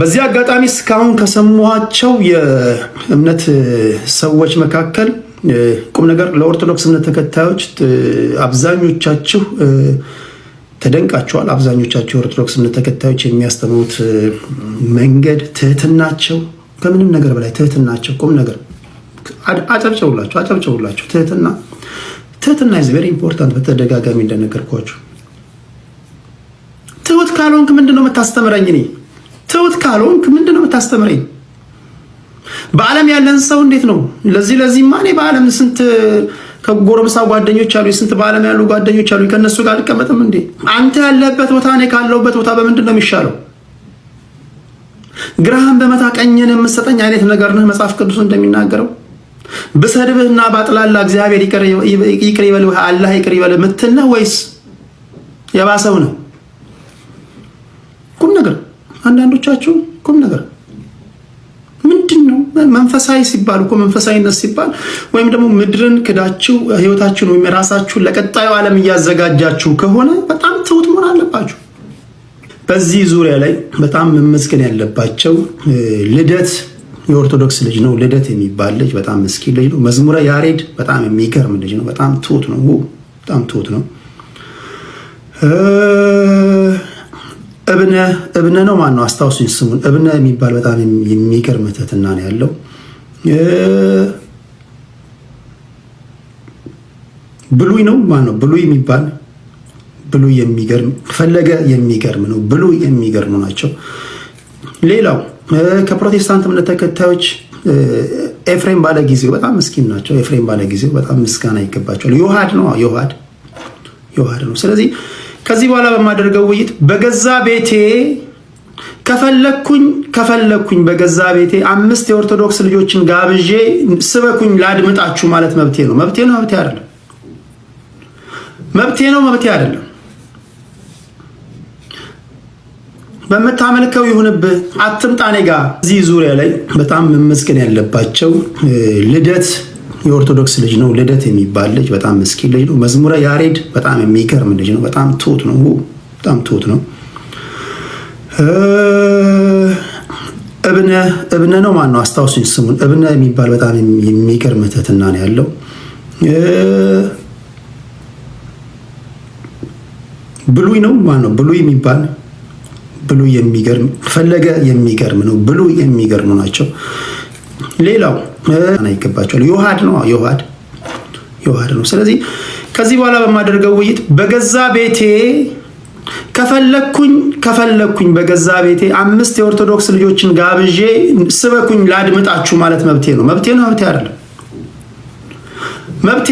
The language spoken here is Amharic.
በዚህ አጋጣሚ እስካሁን ከሰሟቸው የእምነት ሰዎች መካከል ቁም ነገር ለኦርቶዶክስ እምነት ተከታዮች አብዛኞቻችሁ ተደንቃቸዋል። አብዛኞቻችሁ የኦርቶዶክስ እምነት ተከታዮች የሚያስተምሩት መንገድ ትህትናቸው፣ ከምንም ነገር በላይ ትህትናቸው ቁም ነገር አጨብጨቡላቸው፣ አጨብጨቡላቸው። ትህትና ትህትና ኢዝ ቬሪ ኢምፖርታንት። በተደጋጋሚ እንደነገርኳችሁ ትሁት ካልሆንክ ምንድነው የምታስተምረኝ እኔ ትሁት ካልሆንክ ምንድን ነው የምታስተምረኝ? በዓለም ያለን ሰው እንዴት ነው? ለዚህ ለዚህ ማ እኔ በዓለም ስንት ከጎረምሳ ጓደኞች አሉ፣ ስንት በዓለም ያሉ ጓደኞች አሉ። ከእነሱ ጋር አልቀመጥም እንዴ? አንተ ያለበት ቦታ እኔ ካለሁበት ቦታ በምንድን ነው የሚሻለው? ግራህን በመታ ቀኝን የምሰጠኝ አይነት ነገር ነህ መጽሐፍ ቅዱስ እንደሚናገረው ብሰድብህና ባጥላላ እግዚአብሔር ይቅር ይበልህ አላህ ይቅር ይበልህ ምትል ነህ ወይስ የባሰው ነው? አንዳንዶቻችሁ ቁም ነገር ምንድን ነው? መንፈሳዊ ሲባል እኮ መንፈሳዊነት ሲባል ወይም ደግሞ ምድርን ክዳችሁ ህይወታችሁን ወይም ራሳችሁን ለቀጣዩ ዓለም እያዘጋጃችሁ ከሆነ በጣም ትሁት መሆን አለባችሁ። በዚህ ዙሪያ ላይ በጣም መመስገን ያለባቸው ልደት የኦርቶዶክስ ልጅ ነው። ልደት የሚባል ልጅ በጣም ምስኪን ልጅ ነው። መዝሙረ ያሬድ በጣም የሚገርም ልጅ ነው። በጣም ትሁት ነው። በጣም ትሁት ነው። እብነ እብነ ነው ማን ነው አስታውሱኝ ስሙን እብነ የሚባል በጣም የሚገርም ትህትና ነው ያለው ብሉይ ነው ማን ነው ብሉይ የሚባል ብሉይ የሚገርም ፈለገ የሚገርም ነው ብሉይ የሚገርሙ ናቸው ሌላው ከፕሮቴስታንት እምነት ተከታዮች ኤፍሬም ባለ ጊዜው በጣም ምስኪን ናቸው ኤፍሬም ባለ ጊዜው በጣም ምስጋና ይገባቸዋል ዮሐድ ነው ዮሐድ ዮሐድ ነው ስለዚህ ከዚህ በኋላ በማደርገው ውይይት በገዛ ቤቴ ከፈለኩኝ ከፈለግኩኝ በገዛ ቤቴ አምስት የኦርቶዶክስ ልጆችን ጋብዤ ስበኩኝ ላድምጣችሁ ማለት መብቴ ነው። መብቴ ነው፣ መብቴ አይደለም። መብቴ ነው፣ መብቴ አይደለም። በምታመልከው ይሁንብህ፣ አትምጣኔ ጋር እዚህ ዙሪያ ላይ በጣም መመስገን ያለባቸው ልደት የኦርቶዶክስ ልጅ ነው። ልደት የሚባል ልጅ በጣም ምስኪን ልጅ ነው። መዝሙረ ያሬድ በጣም የሚገርም ልጅ ነው። በጣም ትሁት ነው። በጣም ትሁት ነው። እብነ እብነ ነው ማን ነው አስታውሱኝ ስሙን። እብነ የሚባል በጣም የሚገርም ትህትና ነው ያለው። ብሉይ ነው ማን ነው ብሉይ የሚባል ብሉይ የሚገርም ፈለገ የሚገርም ነው። ብሉይ የሚገርሙ ናቸው። ሌላው ይገባቸዋል። ዮሐድ ነው ዮሐድ ዮሐድ ነው። ስለዚህ ከዚህ በኋላ በማደርገው ውይይት በገዛ ቤቴ ከፈለኩኝ ከፈለኩኝ በገዛ ቤቴ አምስት የኦርቶዶክስ ልጆችን ጋብዤ ስበኩኝ ላድምጣችሁ ማለት መብቴ ነው። መብቴ ነው መብቴ አይደለም መብቴ